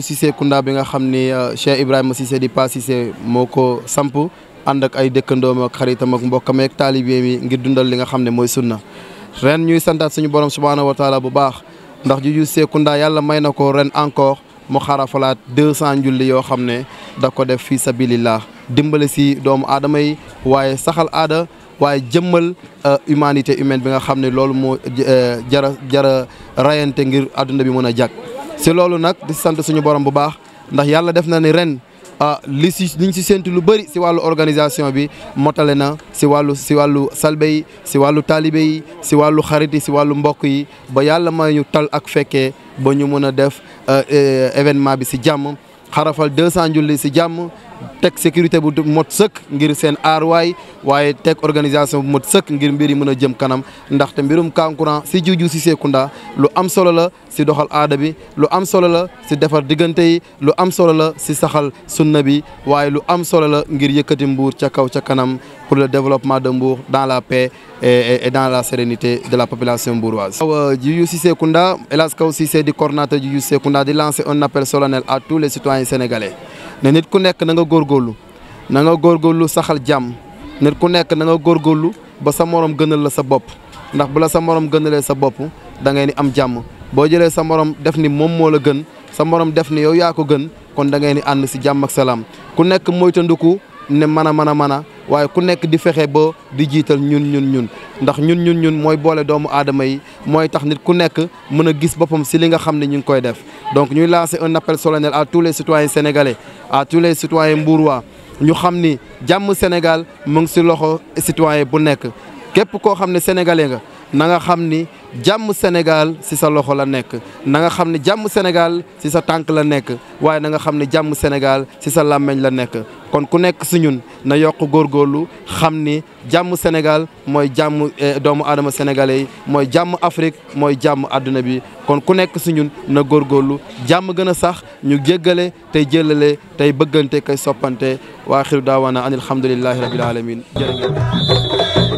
du Cissé Kounda bi nga xamni euh, Cheikh Ibrahima Cissé di Pa Cissé moko samp and ak ay dëkkandoom ak xaritam ak mbokam ak mi ngir dundal li nga moy sunna ren ñuy santat suñu borom subhanahu wa taala bu baax ndax ju Cissé Kounda yalla may nako ren encore mu xarafalaat deux cent njulli yoo xam da ko def fi sabilillah dimbali si doomu adamay waye saxal ada waye jëmmal euh, humanité humaine bi nga xamne mo euh, jara jara rayante ngir aduna bi mëna jakk si loolu nag di sant suñu borom bu baax ndax yàlla def na ni ren ah, li si liñ si séntu lu bëri si wàllu organisation bi motale na si wàllu si wàllu salbe yi si wàllu taalibe yi si wàllu xarit yi si wàllu mbokk yi ba yàlla ma ñu tal ak fekkee ba ñu mën a def eh, eh, événement bi si jàmm. xarafal 200 julli si jàmm teg sécurité bu mot sëkk ngir seen aarwaay waaye teg organisation bu mot sëkk ngir mbir yi mën a jëm kanam ndaxte mbirum Kankourang si Juuju si Seekunda lu am solo la si doxal aada bi lu am solo la si defar diggante yi lu am solo la si saxal sunna bi waaye lu am solo la ngir yëkkati mbuur ca kaw ca kanam pour le développement de Mbour dans la paix et, et dans la sérénité de la population bourgeoise. Djou Sissé Kounda, Elas Kao Sissé du coordinateur Djiu Sissé Kounda, de lancer un appel solennel à tous les citoyens sénégalais. Ne nit ku nekk na nga góorgóorlu na nga góorgóorlu saxal jàmm nit ku nekk na nga góorgóorlu ba sa morom gënal la sa bop ndax bu la sa morom gënalé sa bop da ngay ni am jàmm bo jëlé sa morom def ni mom mo la gën sa morom def ni yow ya ko gën kon da ngay ni and ci jàmm ak salam ku nekk moytandiku ne mana mana mana waaye ku nekk di fexe ba di jiital ñun ñun ñun ndax ñun ñun ñun mooy boole doomu aadama yi mooy tax nit ku nekk mën a gis boppam si li nga xam ne ñu koy def donc ñuy lancer un appel solennel à tous les citoyens sénégalais à tous les citoyens mbourois ñu xam ni Sénégal mu ngi si loxo citoyen bu nekk képp koo xam ne sénégalais nga na nga xam ni jàmm Sénégal ci sa loxo la nekk na nga xam ni jàmm Sénégal ci sa tànk la nekk waaye na nga xam ni jàmm Sénégal ci sa làmmiñ la nekk kon ku nekk ci ñun na yokk góor góorlu xam ni jàmm Sénégal mooy jàmm eh, doomu aadama sénégalais mooy jàmm Afrique mooy jàmm àdduna bi kon ku nekk ci ñun na góor góorlu jàmm gën a sax ñu jéggale tey jëlale tey bëggante kay soppante waa xiru daawaana an alhamdulillahi rabbil alamin jërëjëf